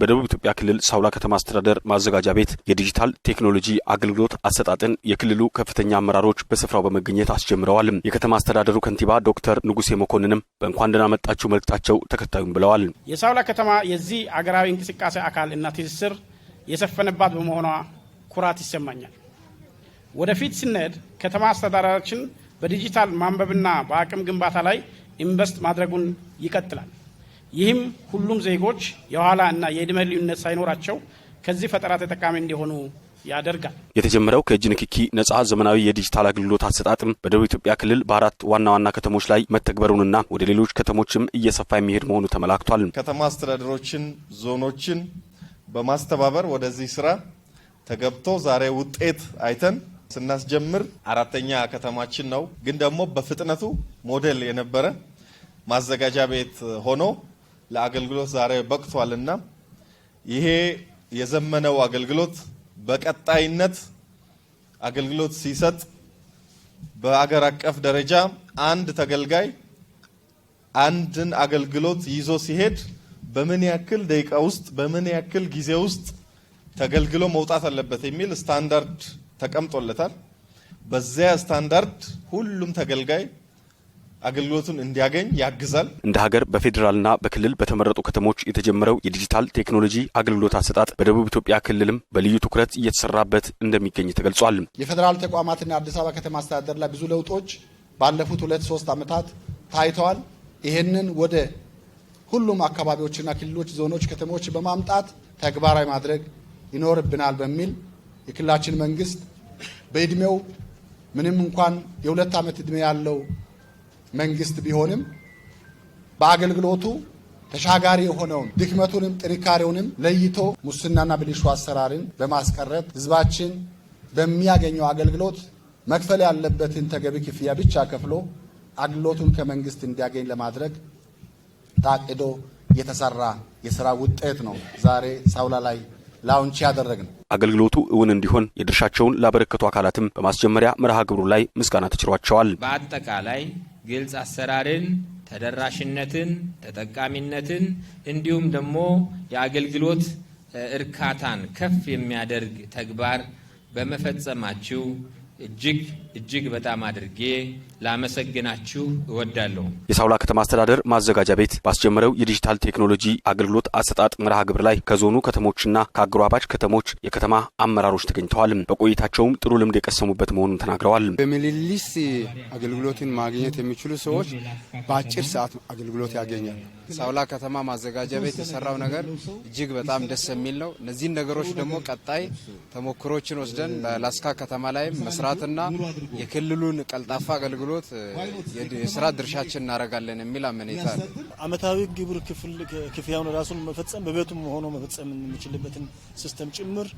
በደቡብ ኢትዮጵያ ክልል ሳውላ ከተማ አስተዳደር ማዘጋጃ ቤት የዲጂታል ቴክኖሎጂ አገልግሎት አሰጣጥን የክልሉ ከፍተኛ አመራሮች በስፍራው በመገኘት አስጀምረዋል። የከተማ አስተዳደሩ ከንቲባ ዶክተር ንጉሴ መኮንንም በእንኳን ደህና መጣችሁ መልእክታቸው ተከታዩም ብለዋል። የሳውላ ከተማ የዚህ አገራዊ እንቅስቃሴ አካል እና ትስስር የሰፈነባት በመሆኗ ኩራት ይሰማኛል። ወደፊት ስንሄድ ከተማ አስተዳደራችን በዲጂታል ማንበብና በአቅም ግንባታ ላይ ኢንቨስት ማድረጉን ይቀጥላል። ይህም ሁሉም ዜጎች የኋላ እና የእድሜ ልዩነት ሳይኖራቸው ከዚህ ፈጠራ ተጠቃሚ እንዲሆኑ ያደርጋል። የተጀመረው ከእጅ ንክኪ ነጻ ዘመናዊ የዲጂታል አገልግሎት አሰጣጥም በደቡብ ኢትዮጵያ ክልል በአራት ዋና ዋና ከተሞች ላይ መተግበሩንና ወደ ሌሎች ከተሞችም እየሰፋ የሚሄድ መሆኑ ተመላክቷል። ከተማ አስተዳደሮችን፣ ዞኖችን በማስተባበር ወደዚህ ስራ ተገብቶ ዛሬ ውጤት አይተን ስናስጀምር አራተኛ ከተማችን ነው። ግን ደግሞ በፍጥነቱ ሞዴል የነበረ ማዘጋጃ ቤት ሆኖ ለአገልግሎት ዛሬ በቅቷልና ይሄ የዘመነው አገልግሎት በቀጣይነት አገልግሎት ሲሰጥ በአገር አቀፍ ደረጃ አንድ ተገልጋይ አንድን አገልግሎት ይዞ ሲሄድ በምን ያክል ደቂቃ ውስጥ በምን ያክል ጊዜ ውስጥ ተገልግሎ መውጣት አለበት የሚል ስታንዳርድ ተቀምጦለታል። በዚያ ስታንዳርድ ሁሉም ተገልጋይ አገልግሎቱን እንዲያገኝ ያግዛል። እንደ ሀገር በፌዴራልና በክልል በተመረጡ ከተሞች የተጀመረው የዲጂታል ቴክኖሎጂ አገልግሎት አሰጣጥ በደቡብ ኢትዮጵያ ክልልም በልዩ ትኩረት እየተሰራበት እንደሚገኝ ተገልጿል። የፌዴራል ተቋማትና አዲስ አበባ ከተማ አስተዳደር ላይ ብዙ ለውጦች ባለፉት ሁለት ሶስት ዓመታት ታይተዋል። ይህንን ወደ ሁሉም አካባቢዎችና ክልሎች፣ ዞኖች፣ ከተሞች በማምጣት ተግባራዊ ማድረግ ይኖርብናል በሚል የክልላችን መንግስት በእድሜው ምንም እንኳን የሁለት ዓመት እድሜ ያለው መንግስት ቢሆንም በአገልግሎቱ ተሻጋሪ የሆነውን ድክመቱንም ጥንካሬውንም ለይቶ ሙስናና ብልሹ አሰራርን በማስቀረት ህዝባችን በሚያገኘው አገልግሎት መክፈል ያለበትን ተገቢ ክፍያ ብቻ ከፍሎ አገልግሎቱን ከመንግስት እንዲያገኝ ለማድረግ ታቅዶ የተሰራ የስራ ውጤት ነው ዛሬ ሳውላ ላይ ላውንች ያደረግነው። አገልግሎቱ እውን እንዲሆን የድርሻቸውን ላበረከቱ አካላትም በማስጀመሪያ መርሃ ግብሩ ላይ ምስጋና ተችሯቸዋል። በአጠቃላይ ግልጽ አሰራርን፣ ተደራሽነትን፣ ተጠቃሚነትን እንዲሁም ደግሞ የአገልግሎት እርካታን ከፍ የሚያደርግ ተግባር በመፈጸማችሁ እጅግ እጅግ በጣም አድርጌ ላመሰግናችሁ እወዳለሁ። የሳውላ ከተማ አስተዳደር ማዘጋጃ ቤት ባስጀመረው የዲጂታል ቴክኖሎጂ አገልግሎት አሰጣጥ መርሃ ግብር ላይ ከዞኑ ከተሞችና ከአጎራባች ከተሞች የከተማ አመራሮች ተገኝተዋል። በቆይታቸውም ጥሩ ልምድ የቀሰሙበት መሆኑን ተናግረዋል። በሚሊሊስ አገልግሎትን ማግኘት የሚችሉ ሰዎች በአጭር ሰዓት አገልግሎት ያገኛል። ሳውላ ከተማ ማዘጋጃ ቤት የሰራው ነገር እጅግ በጣም ደስ የሚል ነው። እነዚህን ነገሮች ደግሞ ቀጣይ ተሞክሮችን ወስደን በላስካ ከተማ ላይም መስራት መስራትና የክልሉን ቀልጣፋ አገልግሎት የስራ ድርሻችን እናደርጋለን የሚል አመኔታ ነው። አመታዊ ግብር ክፍያውን ራሱን መፈጸም በቤቱም ሆኖ መፈጸም የምንችልበትን ሲስተም ጭምር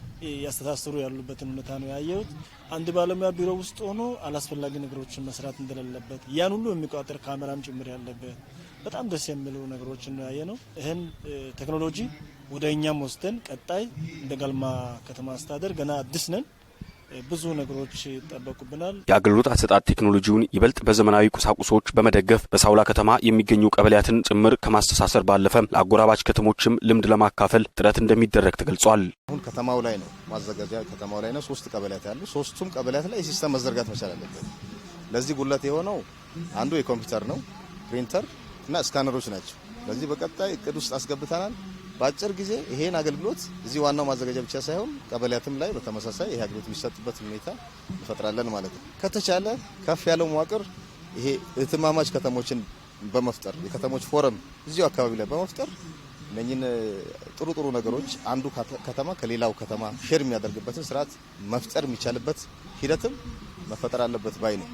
ያስተሳስሩ ያሉበትን ሁኔታ ነው ያየሁት። አንድ ባለሙያ ቢሮ ውስጥ ሆኖ አላስፈላጊ ነገሮችን መስራት እንደሌለበት ያን ሁሉ የሚቆጣጠር ካሜራም ጭምር ያለበት በጣም ደስ የሚሉ ነገሮችን ነው ያየ ነው። ይህን ቴክኖሎጂ ወደ እኛም ወስደን ቀጣይ እንደ ጋልማ ከተማ አስተዳደር ገና አዲስ ነን ብዙ ነገሮች ይጠበቁብናል። የአገልግሎት አሰጣጥ ቴክኖሎጂውን ይበልጥ በዘመናዊ ቁሳቁሶች በመደገፍ በሳውላ ከተማ የሚገኙ ቀበሌያትን ጭምር ከማስተሳሰር ባለፈ ለአጎራባች ከተሞችም ልምድ ለማካፈል ጥረት እንደሚደረግ ተገልጿል። አሁን ከተማው ላይ ነው ማዘጋጃ ከተማው ላይ ነው። ሶስት ቀበሌያት ያሉ ሶስቱም ቀበሌያት ላይ ሲስተም መዘርጋት መቻል አለበት። ለዚህ ጉለት የሆነው አንዱ የኮምፒውተር ነው፣ ፕሪንተር እና ስካነሮች ናቸው። ለዚህ በቀጣይ እቅድ ውስጥ አስገብተናል። በአጭር ጊዜ ይሄን አገልግሎት እዚህ ዋናው ማዘጋጃ ብቻ ሳይሆን ቀበሌያትም ላይ በተመሳሳይ ይሄ አገልግሎት የሚሰጥበት ሁኔታ እንፈጥራለን ማለት ነው። ከተቻለ ከፍ ያለው መዋቅር ይሄ እህትማማች ከተሞችን በመፍጠር የከተሞች ፎረም እዚሁ አካባቢ ላይ በመፍጠር እነኝን ጥሩ ጥሩ ነገሮች አንዱ ከተማ ከሌላው ከተማ ሼር የሚያደርግበትን ስርዓት መፍጠር የሚቻልበት ሂደትም መፈጠር አለበት ባይ ነው።